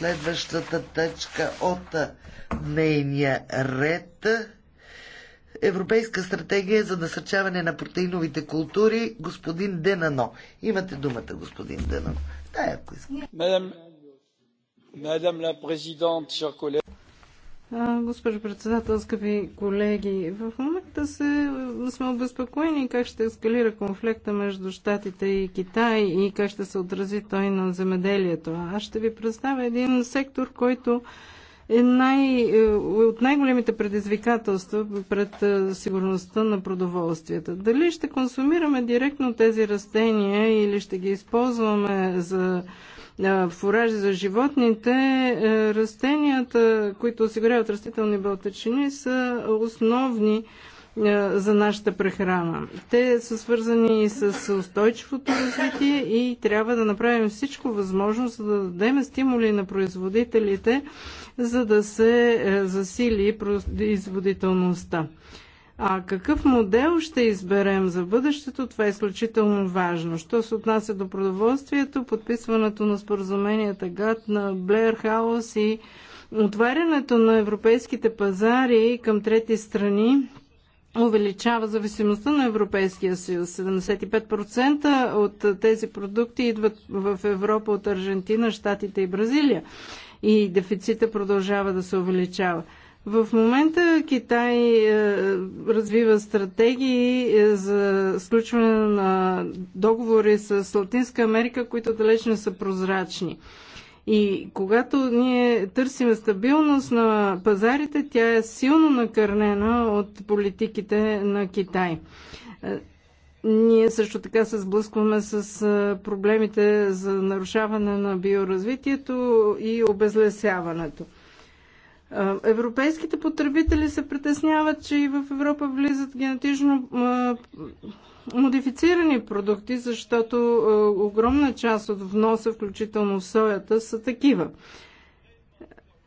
Следващата точка от нейния ред Европейска стратегия за насърчаване на протеиновите култури, господин Денано. Имате думата, господин Денано. Да, ако искате. Мадам, мадам ла президент, шер колег. Госпожо председател, скъпи колеги, в момента се, сме обезпокоени как ще ескалира конфликта между Штатите и Китай и как ще се отрази той на земеделието. Аз ще ви представя един сектор, който е най, е, от най-големите предизвикателства пред е, сигурността на продоволствията. Дали ще консумираме директно тези растения или ще ги използваме за фуражи за животните, растенията, които осигуряват растителни белтъчини, са основни за нашата прехрана. Те са свързани с устойчивото развитие и трябва да направим всичко възможно, за да дадем стимули на производителите, за да се засили производителността. А какъв модел ще изберем за бъдещето, това е изключително важно. Що се отнася до продоволствието, подписването на споразуменията ГАТ на Блеер Хаус и отварянето на европейските пазари към трети страни увеличава зависимостта на Европейския съюз. 75% от тези продукти идват в Европа от Аржентина, Штатите и Бразилия. И дефицита продължава да се увеличава. В момента Китай е, развива стратегии е, за сключване на договори с Латинска Америка, които далеч не са прозрачни. И когато ние търсим стабилност на пазарите, тя е силно накърнена от политиките на Китай. Е, ние също така се сблъскваме с проблемите за нарушаване на биоразвитието и обезлесяването. Европейските потребители се притесняват, че и в Европа влизат генетично модифицирани продукти, защото огромна част от вноса, включително соята, са такива.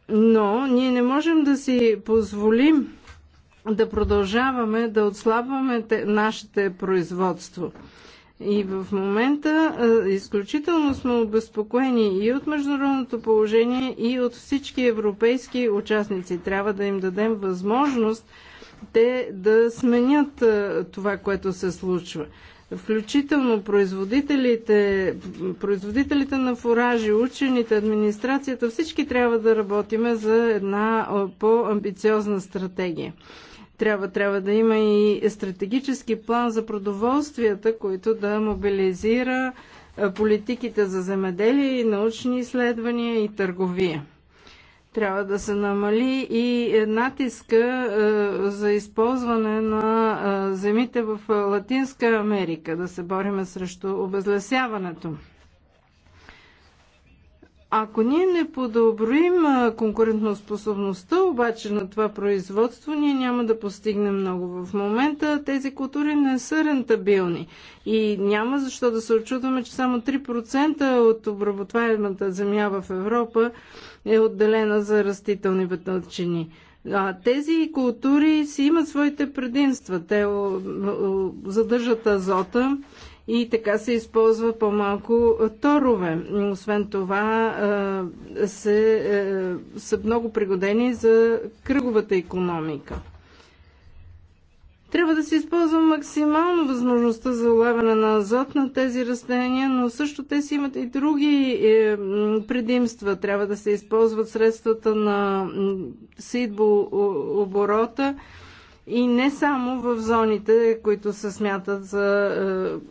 Но ние не можем да си позволим да продължаваме да отслабваме нашите производства. И в момента изключително сме обезпокоени и от международното положение, и от всички европейски участници. Трябва да им дадем възможност те да сменят това, което се случва включително производителите, производителите на фуражи, учените, администрацията, всички трябва да работиме за една по-амбициозна стратегия. Трябва, трябва да има и стратегически план за продоволствията, който да мобилизира политиките за земеделие и научни изследвания и търговия. Трябва да се намали и натиска е, за използване на е, земите в е, Латинска Америка, да се бориме срещу обезлесяването. Ако ние не подобрим конкурентоспособността обаче на това производство, ние няма да постигнем много. В момента тези култури не са рентабилни и няма защо да се очудваме, че само 3% от обработваемата земя в Европа е отделена за растителни вътълчини. А тези култури си имат своите предимства. Те задържат азота и така се използва по-малко торове. Освен това се, е, са много пригодени за кръговата економика. Трябва да се използва максимално възможността за улавяне на азот на тези растения, но също те си имат и други е, предимства. Трябва да се използват средствата на сидбо оборота и не само в зоните, които се смятат за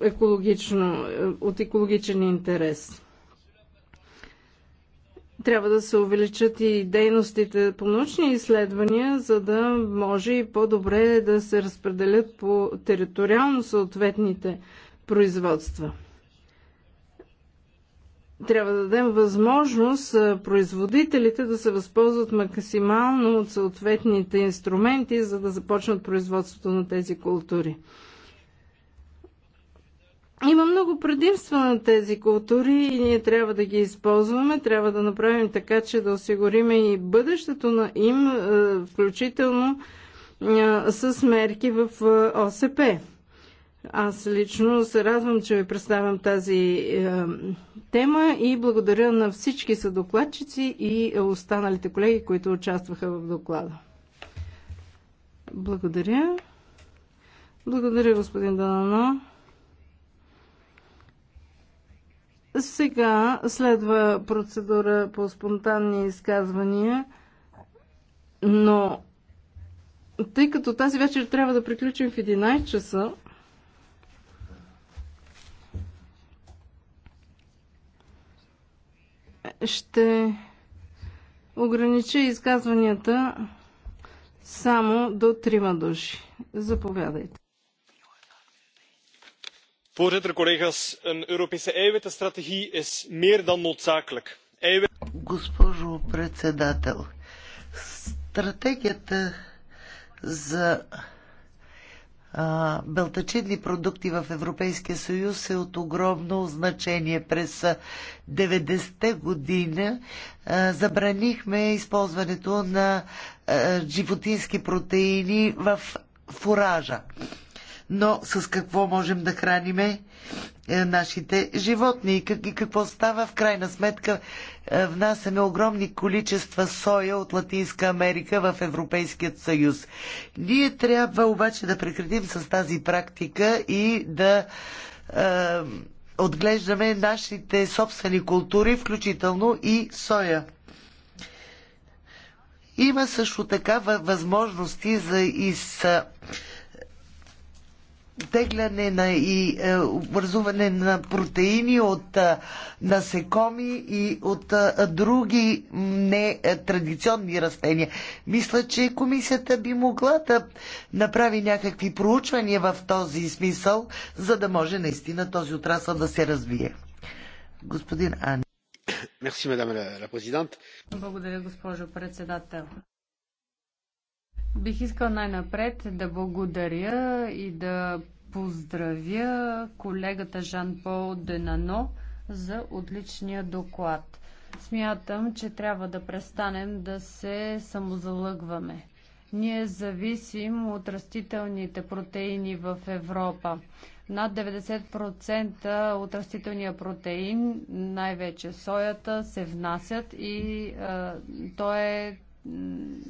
е, екологично, е, от екологичен интерес. Трябва да се увеличат и дейностите по научни изследвания, за да може и по-добре да се разпределят по териториално съответните производства. Трябва да дадем възможност производителите да се възползват максимално от съответните инструменти, за да започнат производството на тези култури. Има много предимства на тези култури и ние трябва да ги използваме, трябва да направим така, че да осигурим и бъдещето на им, е, включително е, с мерки в е, ОСП. Аз лично се радвам, че ви представям тази тема и благодаря на всички съдокладчици и останалите колеги, които участваха в доклада. Благодаря. Благодаря, господин Данано. Сега следва процедура по спонтанни изказвания, но тъй като тази вечер трябва да приключим в 11 часа, ще огранича изказванията само до трима души. Заповядайте voorzitter collega's een europese eiwittenstrategie is meer dan noodzakelijk. госпожо председател стратегията за белтачидни продукти в Европейския съюз е от огромно значение. През 90-те година забранихме използването на животински протеини в фуража но с какво можем да храниме нашите животни и какво става в крайна сметка. Е, внасяме огромни количества соя от Латинска Америка в Европейският съюз. Ние трябва обаче да прекратим с тази практика и да е, отглеждаме нашите собствени култури, включително и соя. Има също така възможности за с тегляне на и е, образуване на протеини от е, насекоми и от е, други нетрадиционни е, растения. Мисля, че комисията би могла да направи някакви проучвания в този смисъл, за да може наистина този отрасъл да се развие. Господин Ани. Мерси, мадам ла президент. Благодаря, госпожо председател. Бих искал най-напред да благодаря и да поздравя колегата Жан-Пол Денано за отличния доклад. Смятам, че трябва да престанем да се самозалъгваме. Ние зависим от растителните протеини в Европа. Над 90% от растителния протеин, най-вече соята, се внасят и а, то е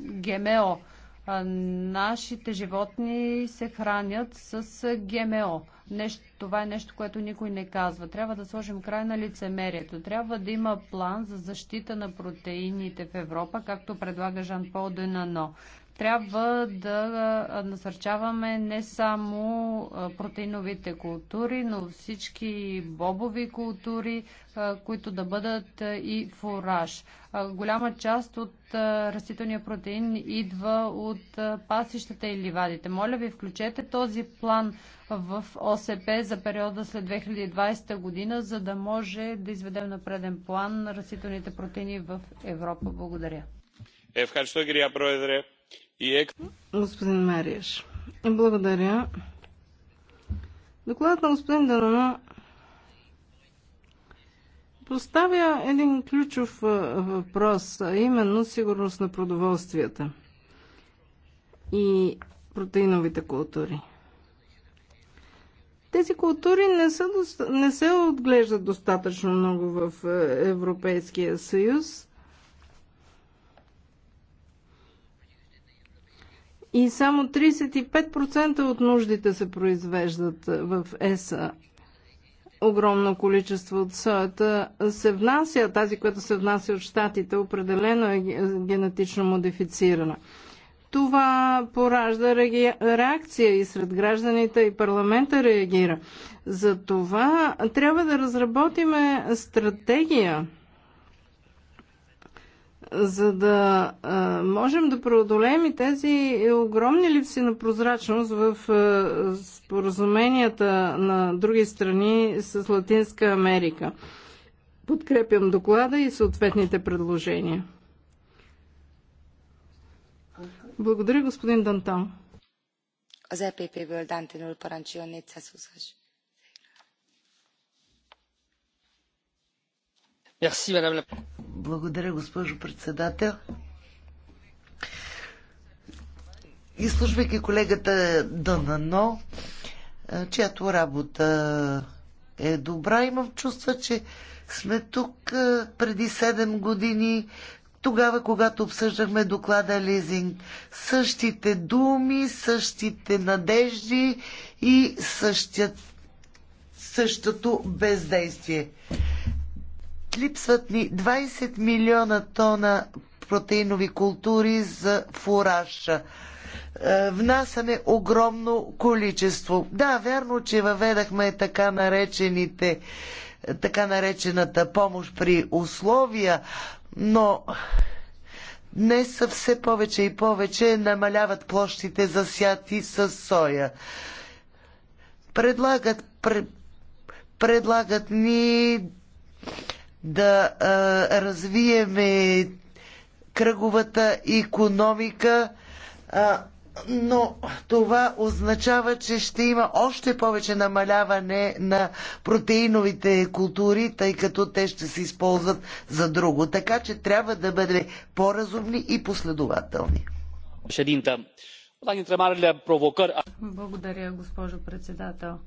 ГМО нашите животни се хранят с ГМО. Нещо, това е нещо, което никой не казва. Трябва да сложим край на лицемерието. Трябва да има план за защита на протеините в Европа, както предлага Жан-Пол Денано трябва да насърчаваме не само протеиновите култури, но всички бобови култури, които да бъдат и фураж. Голяма част от растителния протеин идва от пасищата и ливадите. Моля ви, включете този план в ОСП за периода след 2020 година, за да може да изведем на преден план растителните протеини в Европа. Благодаря. Ευχαριστώ Гирия, Πρόεδρε. Е- господин Мариеш, благодаря. Докладът на господин Данона поставя един ключов въпрос, а именно сигурност на продоволствията и протеиновите култури. Тези култури не, са, не се отглеждат достатъчно много в Европейския съюз и само 35% от нуждите се произвеждат в ЕСА. Огромно количество от соята се внася, тази, която се внася от щатите, определено е генетично модифицирана. Това поражда реакция и сред гражданите и парламента реагира. За това трябва да разработиме стратегия – за да а, можем да преодолеем и тези огромни липси на прозрачност в а, споразуменията на други страни с Латинска Америка. Подкрепям доклада и съответните предложения. Благодаря, господин Дантан. Азепи EPP-ből Dantinul Parancsion Благодаря, госпожо председател. Изслушвайки колегата Дънано, чиято работа е добра, имам чувство, че сме тук преди 7 години, тогава, когато обсъждахме доклада Лизинг. Същите думи, същите надежди и същият, същото бездействие. Липсват ни 20 милиона тона протеинови култури за фураша. Е, внасяме огромно количество. Да, вярно, че въведахме така наречените така наречената помощ при условия, но днес все повече и повече намаляват площите засяти с соя. Предлагат, пр, предлагат ни да а, развиеме кръговата економика, а, но това означава, че ще има още повече намаляване на протеиновите култури, тъй като те ще се използват за друго. Така че трябва да бъде по-разумни и последователни. Благодаря, госпожо председател.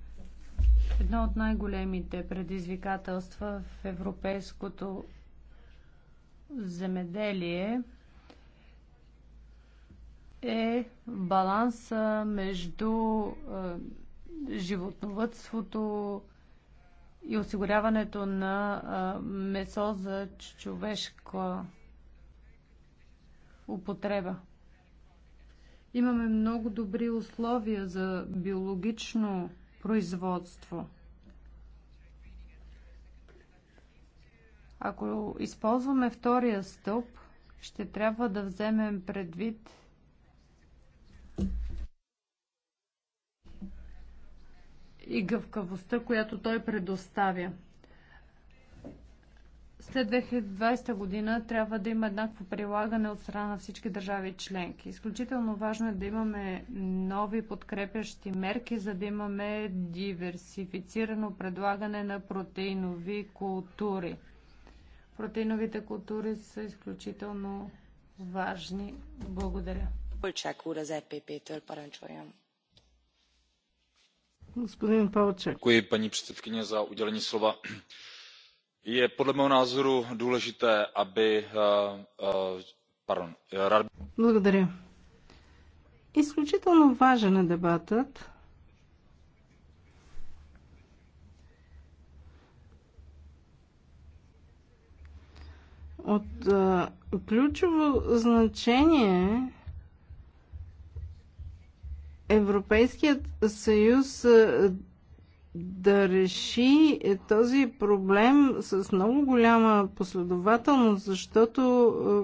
Едно от най-големите предизвикателства в европейското земеделие е баланса между животновътството и осигуряването на месо за човешка употреба. Имаме много добри условия за биологично производство. Ако използваме втория стълб, ще трябва да вземем предвид и гъвкавостта, която той предоставя. След 2020 година трябва да има еднакво прилагане от страна на всички държави членки. Изключително важно е да имаме нови подкрепящи мерки, за да имаме диверсифицирано предлагане на протеинови култури. Протеиновите култури са изключително важни. Благодаря. Господин Полчак je podle mého názoru důležité aby eh, eh, Благодаря. Изключително важен е дебатът. От а, е, ключово значение Европейският съюз а, е, да реши е, този проблем с много голяма последователност, защото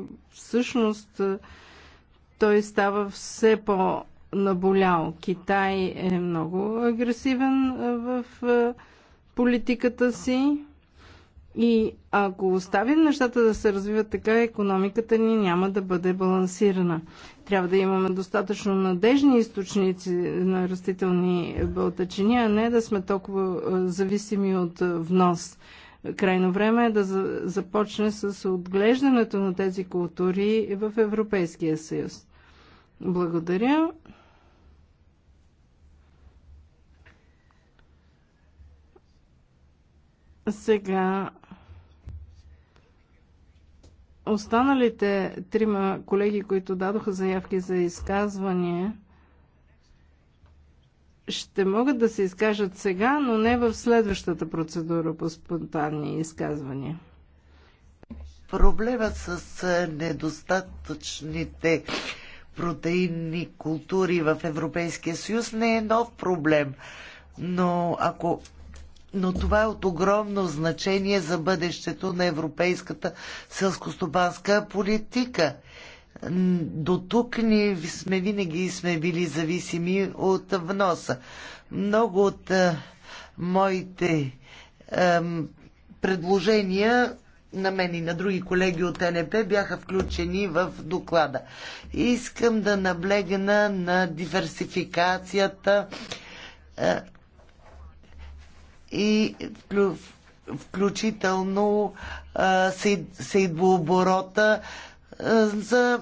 е, всъщност е, той става все по-наболял. Китай е много агресивен в политиката си. И ако оставим нещата да се развиват така, економиката ни няма да бъде балансирана. Трябва да имаме достатъчно надежни източници на растителни бълтачини, а не да сме толкова зависими от внос. Крайно време е да започне с отглеждането на тези култури в Европейския съюз. Благодаря. Сега Останалите трима колеги, които дадоха заявки за изказвания, ще могат да се изкажат сега, но не в следващата процедура по спонтанни изказвания. Проблемът с е, недостатъчните протеинни култури в Европейския съюз не е нов проблем. Но ако но това е от огромно значение за бъдещето на европейската селскостопанска политика. До тук ни сме винаги сме били зависими от вноса. Много от а, е, моите а, е, предложения на мен и на други колеги от НП бяха включени в доклада. Искам да наблегна на диверсификацията а, е, и включително сейдбооборота за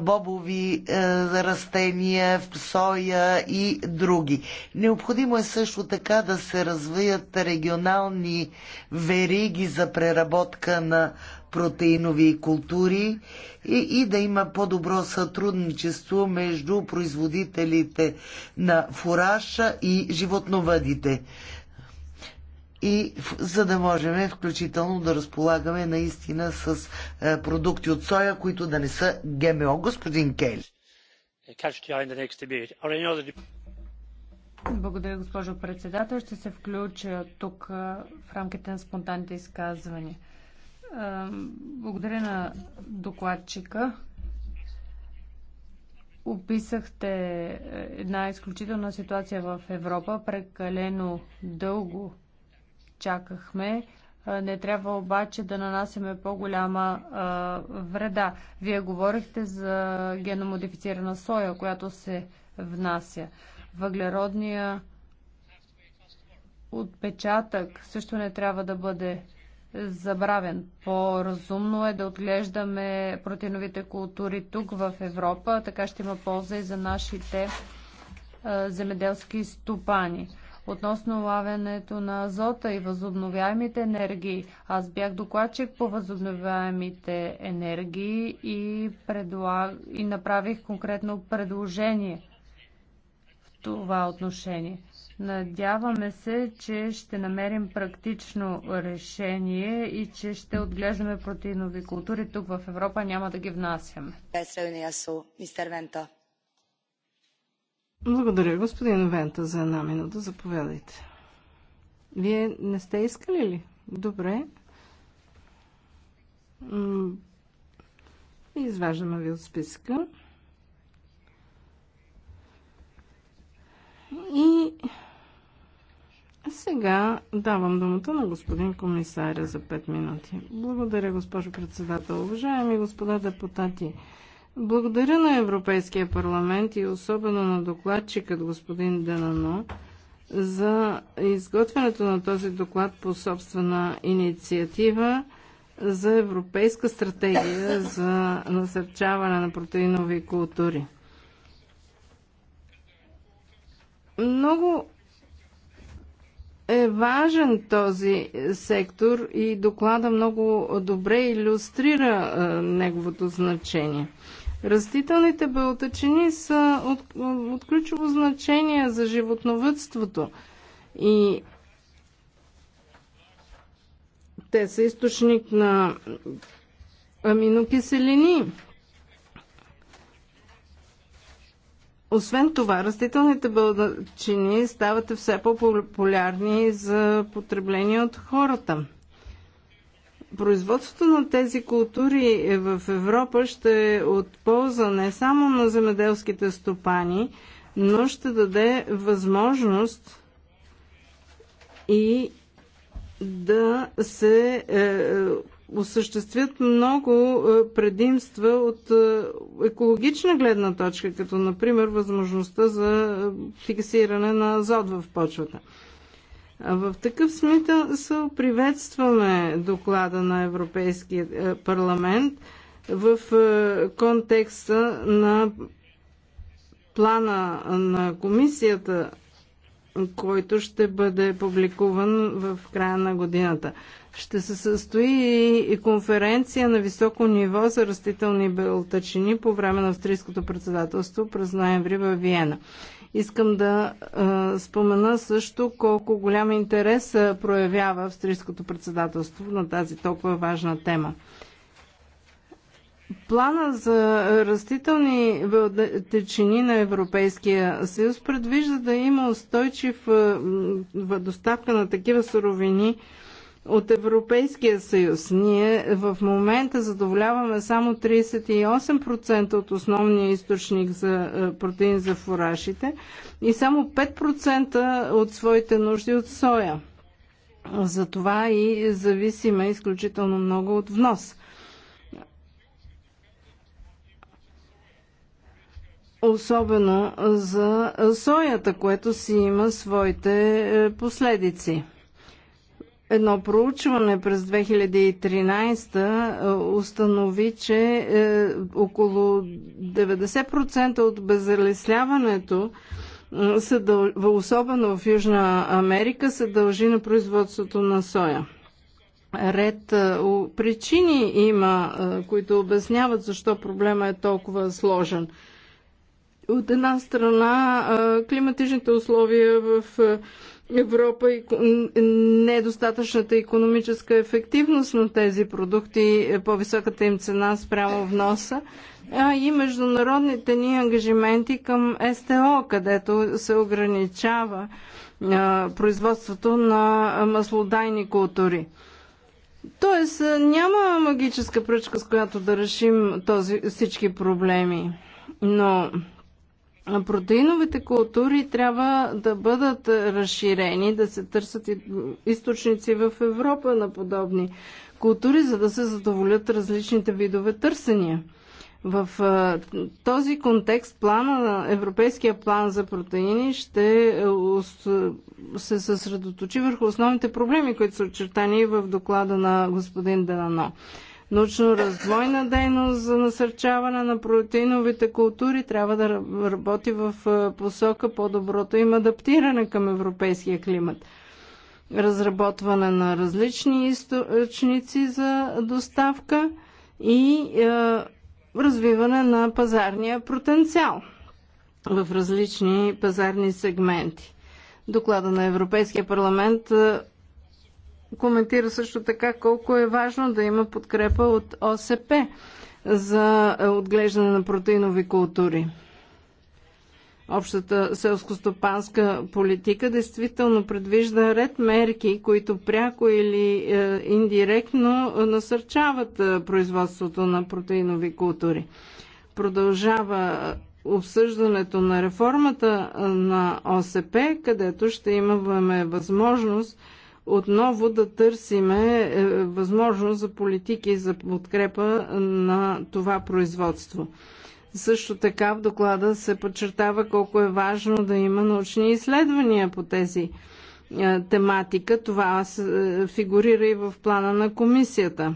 бобови растения, соя и други. Необходимо е също така да се развият регионални вериги за преработка на протеинови култури и, и да има по-добро сътрудничество между производителите на фураша и животновъдите. И за да можем включително да разполагаме наистина с е, продукти от соя, които да не са ГМО. Господин Кейл. Благодаря, госпожо председател. Ще се включа тук е, в рамките на спонтанните изказвания. Е, благодаря на докладчика. Описахте една изключителна ситуация в Европа. Прекалено дълго чакахме. Е, не трябва обаче да нанасяме по-голяма е, вреда. Вие говорихте за геномодифицирана соя, която се внася. Въглеродния отпечатък също не трябва да бъде забравен. По-разумно е да отглеждаме протеиновите култури тук в Европа, така ще има полза и за нашите земеделски стопани. Относно лавянето на азота и възобновяемите енергии, аз бях докладчик по възобновяемите енергии и, предлаг... и направих конкретно предложение – това отношение. Надяваме се, че ще намерим практично решение и че ще отглеждаме протеинови култури тук в Европа, няма да ги внасяме. Благодаря, господин Вента, за една минута. Заповядайте. Вие не сте искали ли? Добре. Изваждаме ви от списка. И сега давам думата на господин комисаря за 5 минути. Благодаря, госпожо председател. Уважаеми господа депутати, благодаря на Европейския парламент и особено на докладчикът господин Денано за изготвянето на този доклад по собствена инициатива за Европейска стратегия за насърчаване на протеинови култури. Много е важен този сектор и доклада много добре иллюстрира е, неговото значение. Растителните белтъчини са от, от ключово значение за животновътството и те са източник на аминокиселини. Освен това, растителните бълдачини стават все по-популярни за потребление от хората. Производството на тези култури в Европа ще е от полза не само на земеделските стопани, но ще даде възможност и да се е, е осъществят много е, предимства от е, екологична гледна точка, като например възможността за е, фиксиране на азот в почвата. В такъв смисъл приветстваме доклада на Европейския парламент в контекста на плана на комисията който ще бъде публикуван в края на годината. Ще се състои и конференция на високо ниво за растителни белтъчини по време на австрийското председателство през ноември в Виена. Искам да а, спомена също колко голям интерес проявява австрийското председателство на тази толкова важна тема. Плана за растителни течени на Европейския съюз предвижда да има устойчив е, доставка на такива суровини от Европейския съюз. Ние в момента задоволяваме само 38% от основния източник за е, протеин за фуражите и само 5% от своите нужди от соя. Затова и зависиме изключително много от внос. особено за соята, което си има своите е, последици. Едно проучване през 2013 е, установи, че е, около 90% от безалесляването, особено в Южна Америка, се дължи на производството на соя. Ред причини има, които обясняват защо проблема е толкова сложен – от една страна, климатичните условия в Европа и недостатъчната економическа ефективност на тези продукти, е, по-високата им цена спрямо вноса носа, и международните ни ангажименти към СТО, където се ограничава производството на маслодайни култури. Тоест няма магическа пръчка, с която да решим този, всички проблеми, но Протеиновите култури трябва да бъдат разширени, да се търсят източници в Европа на подобни култури, за да се задоволят различните видове търсения. В този контекст плана, европейския план за протеини ще е, се съсредоточи върху основните проблеми, които са очертани в доклада на господин Денано научно-развойна дейност за насърчаване на протеиновите култури трябва да работи в е, посока по-доброто им адаптиране към европейския климат разработване на различни източници за доставка и е, развиване на пазарния потенциал в различни пазарни сегменти. Доклада на Европейския парламент е, коментира също така колко е важно да има подкрепа от ОСП за е, отглеждане на протеинови култури. Общата селскостопанска политика действително предвижда ред мерки, които пряко или е, индиректно насърчават е, производството на протеинови култури. Продължава обсъждането на реформата на ОСП, където ще имаме възможност отново да търсиме е, възможност за политики за подкрепа на това производство. Също така в доклада се подчертава колко е важно да има научни изследвания по тези е, тематика. Това е, фигурира и в плана на комисията.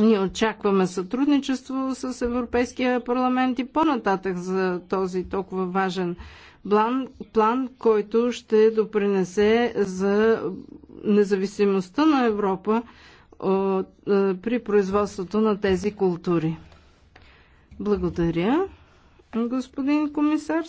Ние очакваме сътрудничество с Европейския парламент и по-нататък за този толкова важен план, план, който ще допринесе за независимостта на Европа от, е, при производството на тези култури. Благодаря, господин комисар.